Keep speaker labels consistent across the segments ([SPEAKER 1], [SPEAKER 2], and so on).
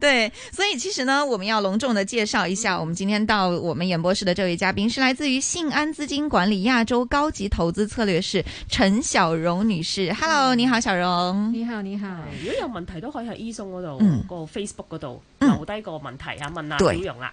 [SPEAKER 1] 對，所以其實呢，我們要隆重的介紹一下，我們今天到我們演播室的這位嘉賓，是來自於信安資金管理亞洲高級投資策略師陳曉蓉女士。Hello，你好，曉蓉。
[SPEAKER 2] 你好，你好、呃。如果有問題都可以喺 Eason 嗰度，那裡嗯、那個 Facebook 嗰度留低個問題、嗯、問下啊，問下曉蓉啦。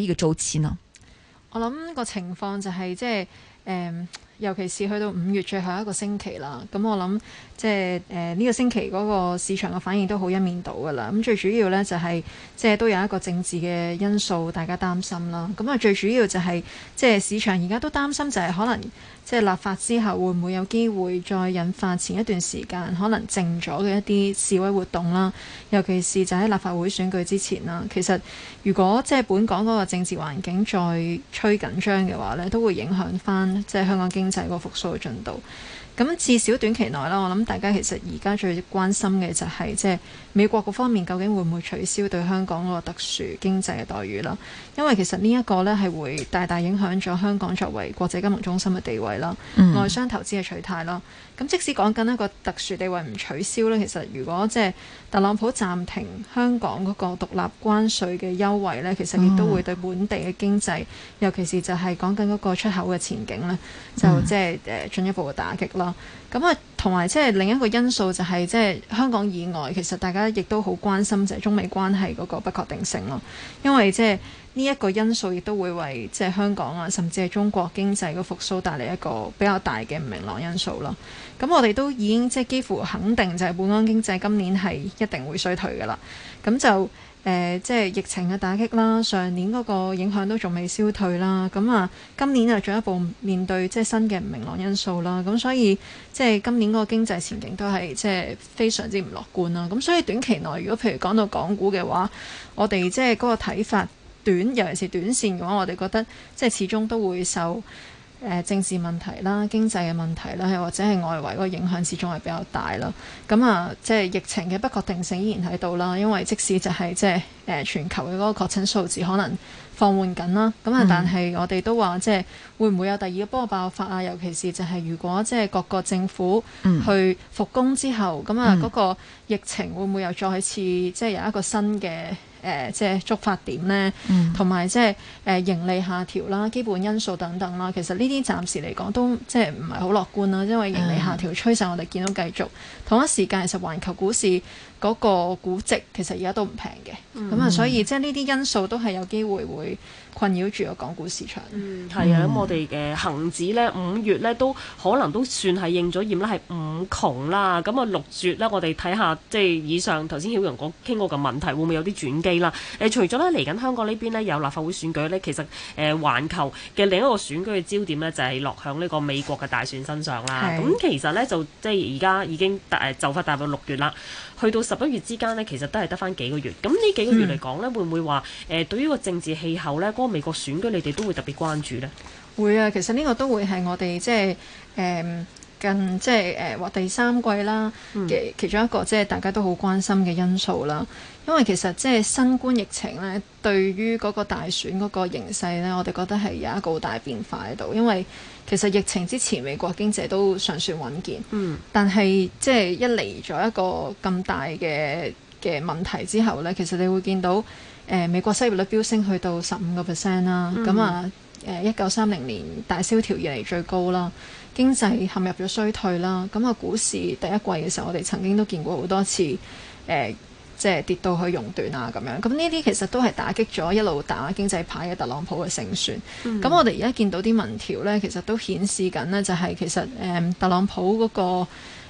[SPEAKER 1] 呢個周期啊，
[SPEAKER 3] 我諗個情況就係即係誒，尤其是去到五月最後一個星期啦。咁，嗯，我諗。即係、呃、呢個星期嗰個市場嘅反應都好一面倒㗎啦。咁最主要呢，就係、是、即係都有一個政治嘅因素，大家擔心啦。咁啊，最主要就係、是、即係市場而家都擔心就係可能即係立法之後會唔會有機會再引發前一段時間可能靜咗嘅一啲示威活動啦。尤其是就喺立法會選舉之前啦。其實如果即係本港嗰個政治環境再趨緊張嘅話呢，都會影響翻即係香港經濟個復甦嘅進度。咁至少短期內啦，我諗大家其實而家最關心嘅就係即係美國嗰方面究竟會唔會取消對香港嗰個特殊經濟嘅待遇啦？因為其實呢一個咧，係會大大影響咗香港作為國際金融中心嘅地位啦，外商投資嘅取態啦。咁、mm hmm. 即使講緊一個特殊地位唔取消咧，其實如果即係特朗普暫停香港嗰個獨立關稅嘅優惠咧，其實亦都會對本地嘅經濟，oh. 尤其是就係講緊嗰個出口嘅前景咧，就即係誒進一步嘅打擊啦。咁啊，同埋即係另一個因素就係即係香港以外，其實大家亦都好關心就係中美關係嗰個不確定性咯，因為即係呢一個因素亦都會為即係香港啊，甚至係中國經濟個復蘇帶嚟一個比較大嘅唔明朗因素咯。咁我哋都已經即係幾乎肯定就係本港經濟今年係一定會衰退噶啦，咁就。誒、呃，即係疫情嘅打擊啦，上年嗰個影響都仲未消退啦，咁啊，今年又進一步面對即係新嘅唔明朗因素啦，咁所以即係今年嗰個經濟前景都係即係非常之唔樂觀啦，咁所以短期內如果譬如講到港股嘅話，我哋即係嗰個睇法短，短尤其是短線嘅話，我哋覺得即係始終都會受。誒、呃、政治問題啦、經濟嘅問題啦，或者係外圍嗰個影響始終係比較大啦。咁啊，即係疫情嘅不確定性依然喺度啦。因為即使就係、是、即係誒、呃、全球嘅嗰個確診數字可能放緩緊啦，咁啊，但係我哋都話即係會唔會有第二波爆發啊？尤其是就係如果即係各個政府去復工之後，咁、嗯、啊嗰、嗰個疫情會唔會又再一次即係有一個新嘅？誒即係觸發點咧，同埋即係誒盈利下調啦、基本因素等等啦。其實呢啲暫時嚟講都即係唔係好樂觀啦，因為盈利下調趨勢我哋見到繼續，同一時間，其實環球股市。嗰個估值其實而家都唔平嘅，咁啊、嗯，所以即係呢啲因素都係有機會會困擾住個港股市場。嗯，係啊、嗯，咁我哋
[SPEAKER 2] 嘅恒指呢，五月呢都可能都算係應咗驗啦，係五窮啦。咁啊，六月呢，我哋睇下即係以上頭先曉蓉講傾過嘅問題，會唔會有啲轉機啦？誒、呃，除咗呢嚟緊香港呢邊呢有立法會選舉呢，其實誒、呃、環球嘅另一個選舉嘅焦點呢，就係、是、落響呢個美國嘅大選身上啦。咁是其實呢，就即係而家已經誒就快踏到六月啦。去到十一月之間呢，其實都係得翻幾個月。咁呢幾個月嚟講呢，嗯、會唔會話誒對於個政治氣候呢，嗰個美國選舉你哋都會特別關注呢？
[SPEAKER 3] 會啊，其實呢個都會係我哋即係誒，就是嗯近即係誒話第三季啦嘅、嗯、其中一個即係大家都好關心嘅因素啦，嗯、因為其實即係新冠疫情咧，對於嗰個大選嗰個形勢咧，我哋覺得係有一個好大變化喺度。因為其實疫情之前美國經濟都尚算穩健，嗯、但係即係一嚟咗一個咁大嘅嘅問題之後咧，其實你會見到誒、呃、美國失業率飆升去到十五個 percent 啦，咁啊誒一九三零年大蕭條以嚟最高啦。經濟陷入咗衰退啦，咁、那、啊、個、股市第一季嘅時候，我哋曾經都見過好多次，誒、呃、即係跌到去熔斷啊咁樣。咁呢啲其實都係打擊咗一路打經濟牌嘅特朗普嘅勝算。咁、mm hmm. 我哋而家見到啲民調呢，其實都顯示緊呢，就係其實誒、呃、特朗普嗰、那個、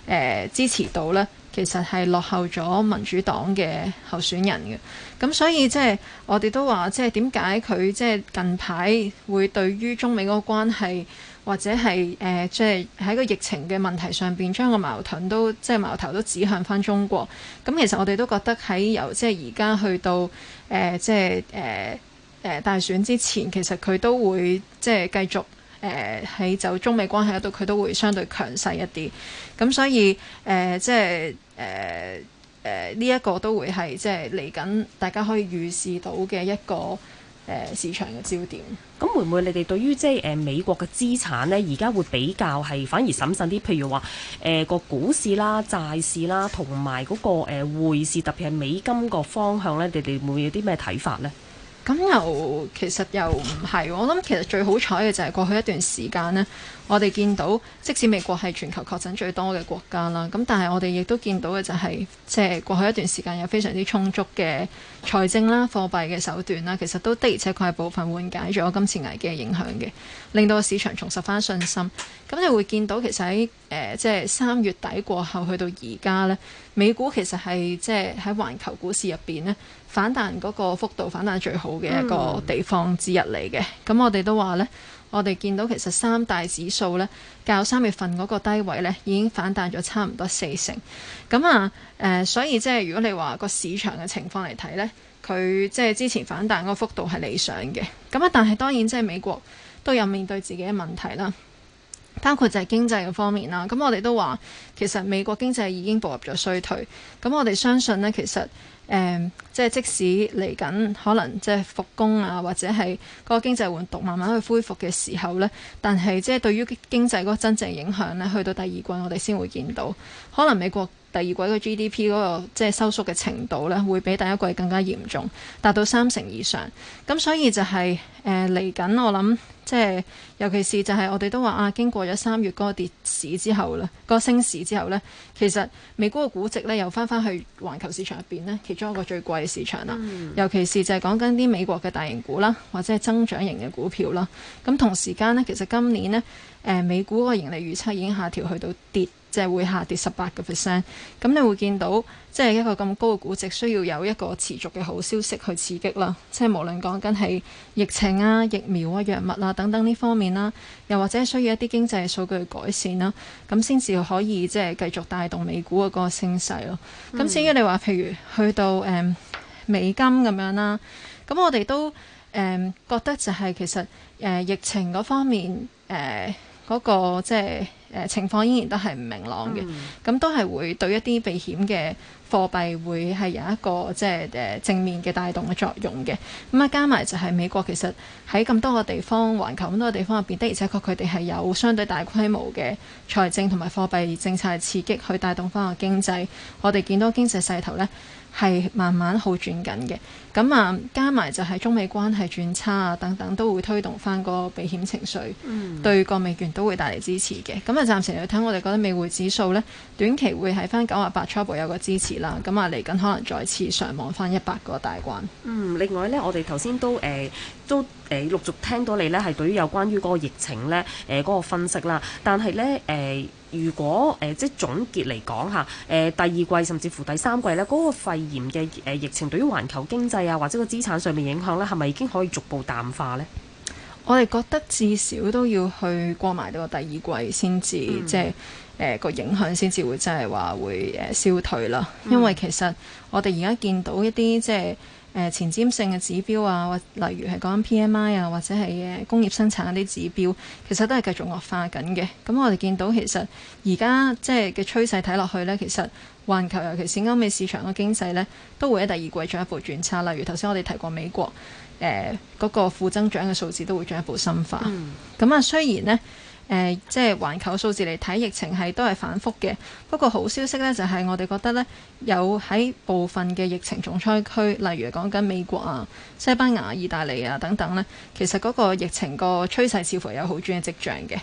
[SPEAKER 3] 呃、支持度呢，其實係落後咗民主黨嘅候選人嘅。咁所以即係我哋都話，即係點解佢即係近排會對於中美嗰個關係，或者係誒，即係喺個疫情嘅問題上邊，將個矛盾都即係、就是、矛頭都指向翻中國。咁、嗯、其實我哋都覺得喺由即係而家去到誒，即係誒誒大選之前，其實佢都會即係繼續誒喺走中美關係嗰度，佢都會相對強勢一啲。咁、嗯、所以誒，即係誒誒呢一個都會係即係嚟緊大家可以預示到嘅一個。誒、呃、市場嘅焦點，
[SPEAKER 2] 咁會唔會你哋對於即係誒美國嘅資產咧，而家會比較係反而審慎啲？譬如話誒、呃、個股市啦、債市啦，同埋嗰個誒、呃、匯市，特別係美金個方向咧，你哋會、會有啲咩睇法咧？
[SPEAKER 3] 咁又其實又唔係，我諗其實最好彩嘅就係過去一段時間咧，我哋見到即使美國係全球確診最多嘅國家啦，咁但係我哋亦都見到嘅就係即係過去一段時間有非常之充足嘅財政啦、貨幣嘅手段啦，其實都的而且確係部分緩解咗今次危機嘅影響嘅，令到市場重拾翻信心。咁你會見到其實喺誒、呃，即係三月底過後去到而家呢，美股其實係即係喺環球股市入邊呢，反彈嗰個幅度反彈最好嘅一個地方之一嚟嘅。咁、嗯、我哋都話呢，我哋見到其實三大指數呢，較三月份嗰個低位呢，已經反彈咗差唔多四成。咁啊，誒、呃，所以即係如果你話個市場嘅情況嚟睇呢，佢即係之前反彈嗰個幅度係理想嘅。咁啊，但係當然即係美國都有面對自己嘅問題啦。包括就係經濟嘅方面啦，咁我哋都話其實美國經濟已經步入咗衰退。咁我哋相信呢，其實誒即係即使嚟緊可能即係復工啊，或者係嗰個經濟活動慢慢去恢復嘅時候呢，但係即係對於經濟嗰個真正影響呢，去到第二季我哋先會見到。可能美國第二季嘅 GDP 嗰個即係收縮嘅程度呢，會比第一季更加嚴重，達到三成以上。咁所以就係誒嚟緊，我諗。即係，尤其是就係我哋都話啊，經過咗三月嗰個跌市之後啦，個升市之後呢，其實美股嘅估值呢，又翻翻去環球市場入邊呢，其中一個最貴嘅市場啦。嗯、尤其是就係講緊啲美國嘅大型股啦，或者係增長型嘅股票啦。咁同時間呢，其實今年呢，誒、呃、美股個盈利預測已經下調去到跌。即係會下跌十八個 percent，咁你會見到即係一個咁高嘅估值，需要有一個持續嘅好消息去刺激啦。即係無論講緊係疫情啊、疫苗啊、藥物啊等等呢方面啦，又或者需要一啲經濟數據改善啦、啊，咁先至可以即係繼續帶動美股嘅個升勢咯。咁、嗯、至於你話譬如去到誒、嗯、美金咁樣啦，咁我哋都誒、嗯、覺得就係、是、其實誒、呃、疫情嗰方面誒嗰、呃那個即係。誒情況依然都係唔明朗嘅，咁、嗯、都係會對一啲避險嘅。貨幣會係有一個即係誒、呃、正面嘅帶動嘅作用嘅，咁、嗯、啊加埋就係美國其實喺咁多個地方、環球咁多個地方入邊的，而且確佢哋係有相對大規模嘅財政同埋貨幣政策嘅刺激去帶動翻個經濟。我哋見到經濟勢頭呢係慢慢好轉緊嘅，咁、嗯、啊加埋就係中美關係轉差啊等等都會推動翻個避險情緒，mm. 對個美元都會帶嚟支持嘅。咁、嗯、啊、嗯嗯嗯嗯嗯嗯嗯、暫時嚟睇，我哋覺得美匯指數呢短期會喺翻九十八初步有個支持。啦，咁啊，嚟緊可能再次上望翻一百個大關。
[SPEAKER 2] 嗯，另外呢，我哋頭先都誒、呃，都誒、呃、陸續聽到你呢係對於有關於嗰個疫情呢誒嗰、呃那個分析啦。但係呢，誒、呃，如果誒、呃、即係總結嚟講嚇誒第二季甚至乎第三季呢，嗰、那個肺炎嘅誒疫情對於環球經濟啊或者個資產上面影響呢，係咪已經可以逐步淡化呢？我哋覺得至少
[SPEAKER 3] 都要去過埋呢個第二季先至，嗯、即係誒、呃、個影響先至會真係話會誒、呃、消退啦。嗯、因為其實我哋而家見到一啲即係誒、呃、前瞻性嘅指標啊，或例如係講緊 PMI 啊，或者係誒工業生產嗰啲指標，其實都係繼續惡化緊嘅。咁、嗯、我哋見到其實而家即係嘅趨勢睇落去呢，其實。環球尤其是歐美市場嘅經濟呢，都會喺第二季進一步轉差。例如頭先我哋提過美國，誒、呃、嗰、那個負增長嘅數字都會進一步深化。咁、嗯、啊，雖然呢，誒、呃、即係環球數字嚟睇，疫情係都係反覆嘅，不過好消息呢，就係、是、我哋覺得呢，有喺部分嘅疫情重災區，例如講緊美國啊、西班牙、意大利啊等等呢，其實嗰個疫情個趨勢似乎有好轉嘅跡象嘅。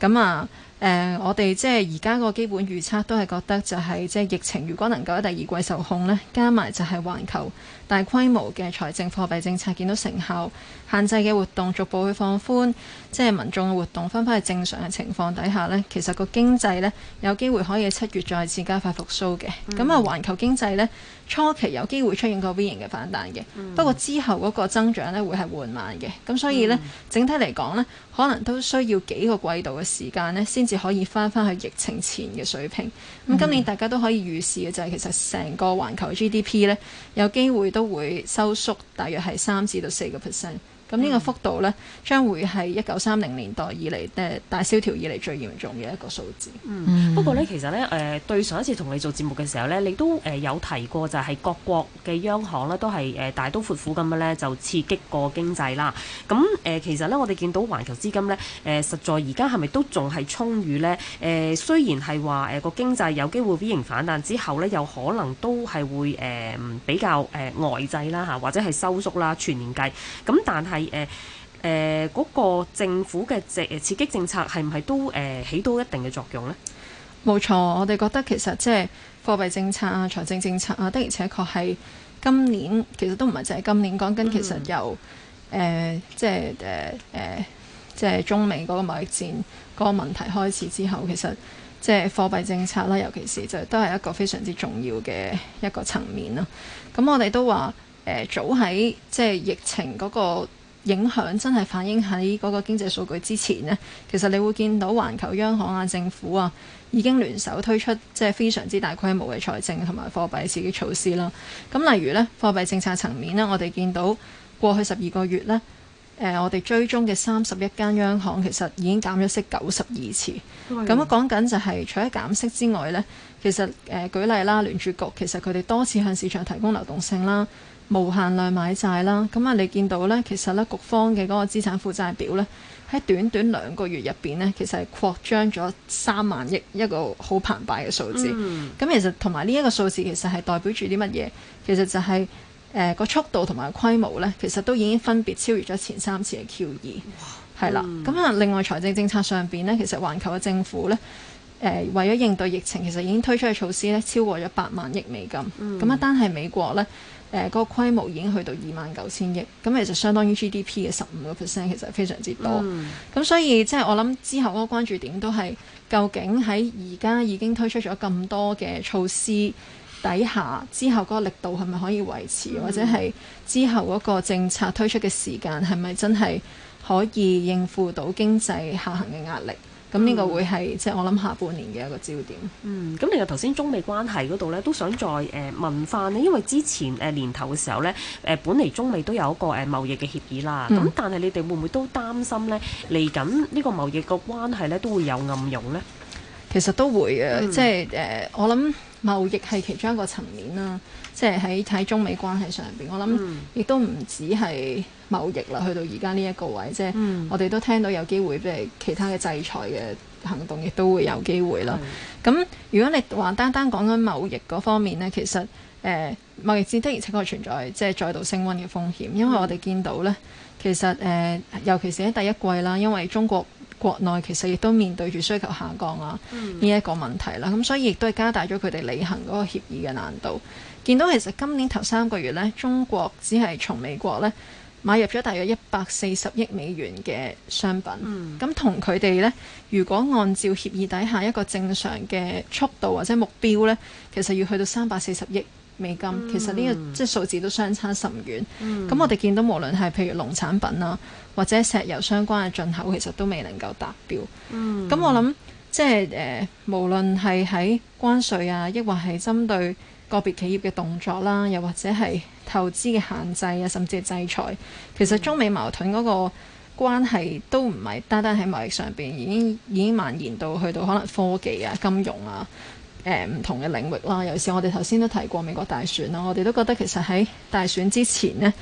[SPEAKER 3] 咁啊、嗯、～、嗯誒、呃，我哋即係而家個基本預測都係覺得就係即係疫情，如果能夠喺第二季受控咧，加埋就係環球大規模嘅財政貨幣政策見到成效，限制嘅活動逐步去放寬，即係民眾嘅活動翻返去正常嘅情況底下呢，其實個經濟呢，有機會可以七月再次加快復甦嘅。咁啊、嗯，環球經濟呢，初期有機會出現個 V 型嘅反彈嘅，嗯、不過之後嗰個增長呢會係緩慢嘅。咁所以呢，嗯、整體嚟講呢，可能都需要幾個季度嘅時間呢，先至可以翻返去疫情前嘅水平。咁、嗯嗯、今年大家都可以預示嘅就係其實成個環球 GDP 呢，有機會都會收縮，大約係三至到四個 percent。咁呢個幅度呢，將會係一九三零年代
[SPEAKER 2] 以嚟、呃、大蕭條以嚟最嚴重嘅一個數字。嗯，不過呢，其實呢，誒、呃，對上一次同你做節目嘅時候呢，你都誒有提過就係各國嘅央行呢，都係誒大刀闊斧咁樣呢，就刺激過經濟啦。咁、嗯、誒、呃、其實呢，我哋見到環球資金呢，誒、呃、實在而家係咪都仲係充裕呢？誒、呃、雖然係話誒個經濟有機會 V 型反彈之後呢，有可能都係會誒、呃、比較誒呆滯啦嚇，或者係收縮啦，全年計。咁但係係誒誒嗰個政府嘅政刺激政策係唔係都誒、呃、起到一定嘅作用呢？
[SPEAKER 3] 冇錯，我哋覺得其實即係貨幣政策啊、財政政策啊，的而且確係今年其實都唔係淨係今年講緊，其實由誒、嗯呃、即係誒誒即係、呃、中美嗰個貿易戰嗰個問題開始之後，其實即係貨幣政策啦，尤其是就都係一個非常之重要嘅一個層面囉。咁我哋都話誒、呃、早喺即係疫情嗰、嗰個。影響真係反映喺嗰個經濟數據之前呢。其實你會見到環球央行啊、政府啊已經聯手推出即係非常之大規模嘅財政同埋貨幣刺激措施啦。咁、嗯、例如呢，貨幣政策層面呢，我哋見到過去十二個月呢，誒、呃、我哋追蹤嘅三十一間央行其實已經減咗息九十二次。
[SPEAKER 2] 咁講
[SPEAKER 3] 緊就係除咗減息之外呢，其實誒、呃、舉例啦，聯儲局其實佢哋多次向市場提供流動性啦。無限量買債啦，咁啊，你見到呢，其實呢局方嘅嗰個資產負債表呢，喺短短兩個月入邊呢，其實係擴張咗三萬億一個好澎湃嘅數字。咁、嗯、其實同埋呢一個數字其實係代表住啲乜嘢？其實就係、是、誒、呃那個速度同埋規模呢，其實都已經分別超越咗前三次嘅 Q 二係啦。咁啊，另外財政政策上邊呢，其實環球嘅政府呢。誒、呃、為咗應對疫情，其實已經推出嘅措施咧超過咗八萬億美金，咁、嗯、一單係美國咧，誒、呃、嗰、那個規模已經去到二萬九千億，咁其實相當於 GDP 嘅十五個 percent，其實非常之多。咁、嗯、所以即係、就是、我諗之後嗰個關注點都係究竟喺而家已經推出咗咁多嘅措施底下，之後嗰個力度係咪可以維持，嗯、或者係之後嗰個政策推出嘅時間係咪真係可以應付到經濟下行嘅壓力？咁呢、嗯、個會係即係我諗下半年嘅一個焦點。嗯，
[SPEAKER 2] 咁另外頭先中美關係嗰度咧，都想再誒問翻咧，因為之前誒年頭嘅時候咧，誒本嚟中美都有一個誒貿易嘅協議啦。咁、嗯、但係你哋會唔會都擔心咧，嚟緊呢個貿易嘅關係咧都會有暗湧咧？其實都會嘅，嗯、即
[SPEAKER 3] 係誒、呃、我諗。貿易係其中一個層面啦，即係喺睇中美關係上邊，我諗亦都唔止係貿易啦，去到而家呢一個位即係，我哋都聽到有機會，譬如其他嘅制裁嘅行動，亦都會有機會啦。咁的如果你話單單講緊貿易嗰方面呢，其實誒、呃、貿易戰的而且確存在即係再度升溫嘅風險，因為我哋見到呢，其實誒、呃、尤其是喺第一季啦，因為中國。國內其實亦都面對住需求下降啊呢，mm. 一個問題啦，咁所以亦都係加大咗佢哋履行嗰個協議嘅難度。見到其實今年頭三個月呢，中國只係從美國呢買入咗大約一百四十億美元嘅商品。咁同佢哋呢，如果按照協議底下一個正常嘅速度或者目標呢，其實要去到三百四十億。美金、嗯、其實呢、這個即係、就是、數字都相差甚遠。咁、嗯、我哋見到無論係譬如農產品啦，或者石油相關嘅進口，其實都未能夠達標。咁、嗯、我諗即係誒，無論係喺關稅啊，抑或係針對個別企業嘅動作啦、啊，又或者係投資嘅限制啊，甚至係制裁，其實中美矛盾嗰個關係都唔係單單喺貿易上邊，已經已經蔓延到去到可能科技啊、金融啊。誒、呃、唔同嘅領域啦，尤其是我哋頭先都提過美國大選啦，我哋都覺得其實喺大選之前呢，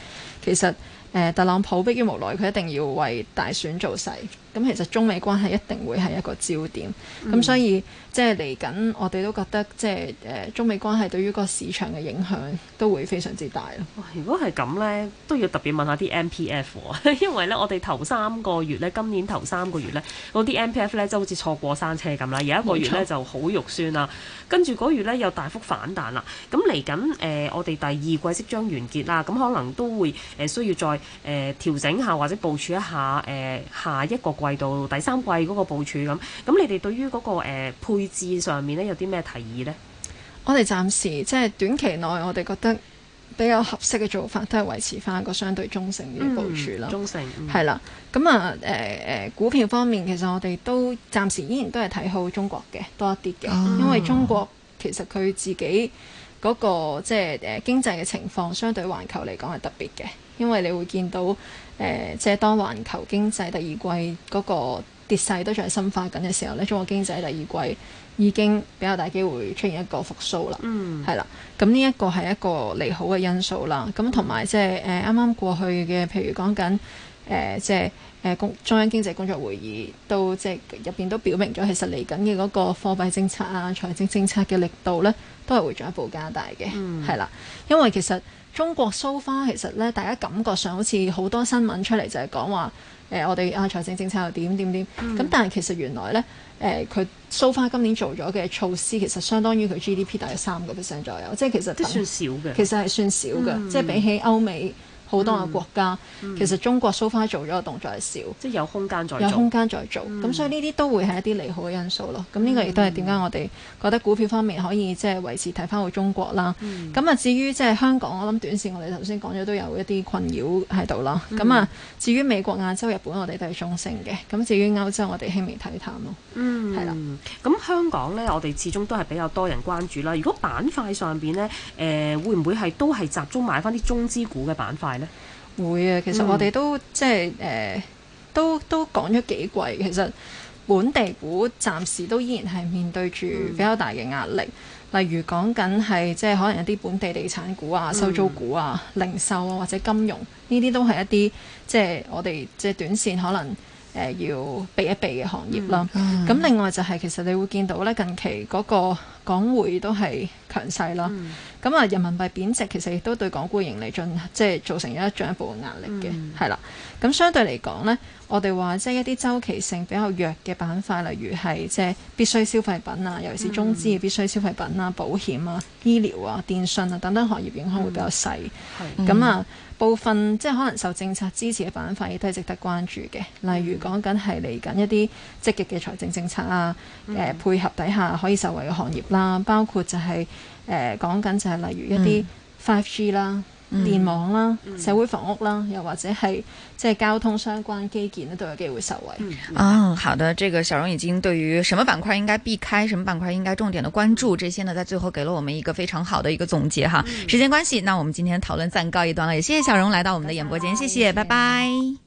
[SPEAKER 3] 其實，呃，特朗普迫於無奈，佢一定要為大選做勢。咁其實中美關係一定會係一個焦點，咁、嗯嗯、所以即係嚟緊，我哋都覺得即係誒、呃、中美關係對於個市場嘅影響都會非常之大啦。
[SPEAKER 2] 如果係咁呢，都要特別問下啲 MPF 啊、哦，因為呢，我哋頭三個月呢，今年頭三個月呢，嗰啲 MPF 呢就好似坐過山車咁啦，有一個月呢就好肉酸啦，跟住嗰月呢又大幅反彈啦。咁嚟緊誒，我哋第二季即將完結啦，咁可能都會誒、呃、需要再誒、呃、調整下或者部署一下誒、呃、下一個季。季度第三季嗰個部署咁，咁你哋對於嗰、嗰個誒、呃、配置上面咧有啲咩提議呢？
[SPEAKER 3] 我哋暫時即係短期內，我哋覺得比較合適嘅做法都係維持翻一個相對中性嘅部署啦、嗯。中性係、嗯、啦，咁啊誒誒，股票方面其實我哋都暫時依然都係睇好中國嘅多一啲嘅。啊、因為中國其實佢自己嗰、嗰個即係誒經濟嘅情況相對環球嚟講係特別嘅。因為你會見到，誒、呃，即係當環球經濟第二季嗰個跌勢都仲係深化緊嘅時候咧，中國經濟第二季已經比較大機會出現一個復甦啦、嗯。嗯，係啦。咁呢一個係一個利好嘅因素啦。咁同埋即係誒啱啱過去嘅，譬如講緊誒即係誒工中央經濟工作會議都，都即係入邊都表明咗，其實嚟緊嘅嗰個貨幣政策啊、財政政策嘅力度咧，都係會進一步加大嘅。嗯，係啦。因為其實中國 so far 其實咧，大家感覺上好似好多新聞出嚟就係講話誒、呃，我哋啊財政政策又點點點咁，但係其實原來咧誒，佢 so far 今年做咗嘅措施其實相當於佢 GDP 大約三個 percent 左右，即係其實，其實算少嘅，其實係算少嘅，嗯、即係比起歐美。好多嘅國家，嗯嗯、其實中國 so far 做咗個動作係少，即係有空間再有空間再做，咁、嗯、所以呢啲都會係一啲利好嘅因素咯。咁呢、嗯、個亦都係點解我哋覺得股票方面可以即係維持睇翻好中國啦。咁啊、嗯，至於即係香港，我諗短線我哋頭先講咗都有一啲
[SPEAKER 2] 困擾喺度啦。咁啊，
[SPEAKER 3] 至於美國、亞洲、日本，我哋都係中性嘅。咁至於歐洲，我哋輕微睇淡咯。嗯，
[SPEAKER 2] 係啦。咁香港呢，我哋始終都係比較多人關注啦。如果板塊上邊呢，誒、呃、會唔會係都係集中買翻啲中資股嘅板塊？
[SPEAKER 3] 會啊，其實我哋都即係誒，都都講咗幾季，其實本地股暫時都依然係面對住比較大嘅壓力，例如講緊係即係可能有啲本地地產股啊、收租股啊、零售啊、零售啊或者金融呢啲都係一啲，即係我哋，即係短線可能。誒要避一避嘅行業啦。咁、mm, mm, 另外就係、是、其實你會見到咧，近期嗰個港匯都係強勢啦。咁啊，人民幣貶值其實亦都對港股盈利進即係、就是、造成咗一進一步壓力嘅，係啦、mm,。咁相對嚟講呢，我哋話即係一啲周期性比較弱嘅板塊，例如係即係必需消費品啊，尤其是中資嘅必需消費品啊、mm, 保險啊、醫療啊、電信啊等等行業影響會比較細。咁啊。部分即係可能受政策支持嘅板塊亦都係值得關注嘅，例如講緊係嚟緊一啲積極嘅財政政策啊，誒 Okay.、呃、配合底下可以受惠嘅行業啦，包括就係誒講緊就係例如一啲 Five G、mm. 啦。電網啦，嗯、社會房屋啦，又或者係即係交通相關基建咧，都有機會受惠。
[SPEAKER 1] 嗯、哦，好的，這個曉蓉已經對於什麼板塊應該避開，什麼板塊應該重點的關注，這些呢，在最後給了我們一個非常好的一個總結哈。嗯、時間關係，那我們今天討論暫告一段落。也謝謝曉蓉來到我們的演播間，拜拜謝謝，拜拜。拜拜。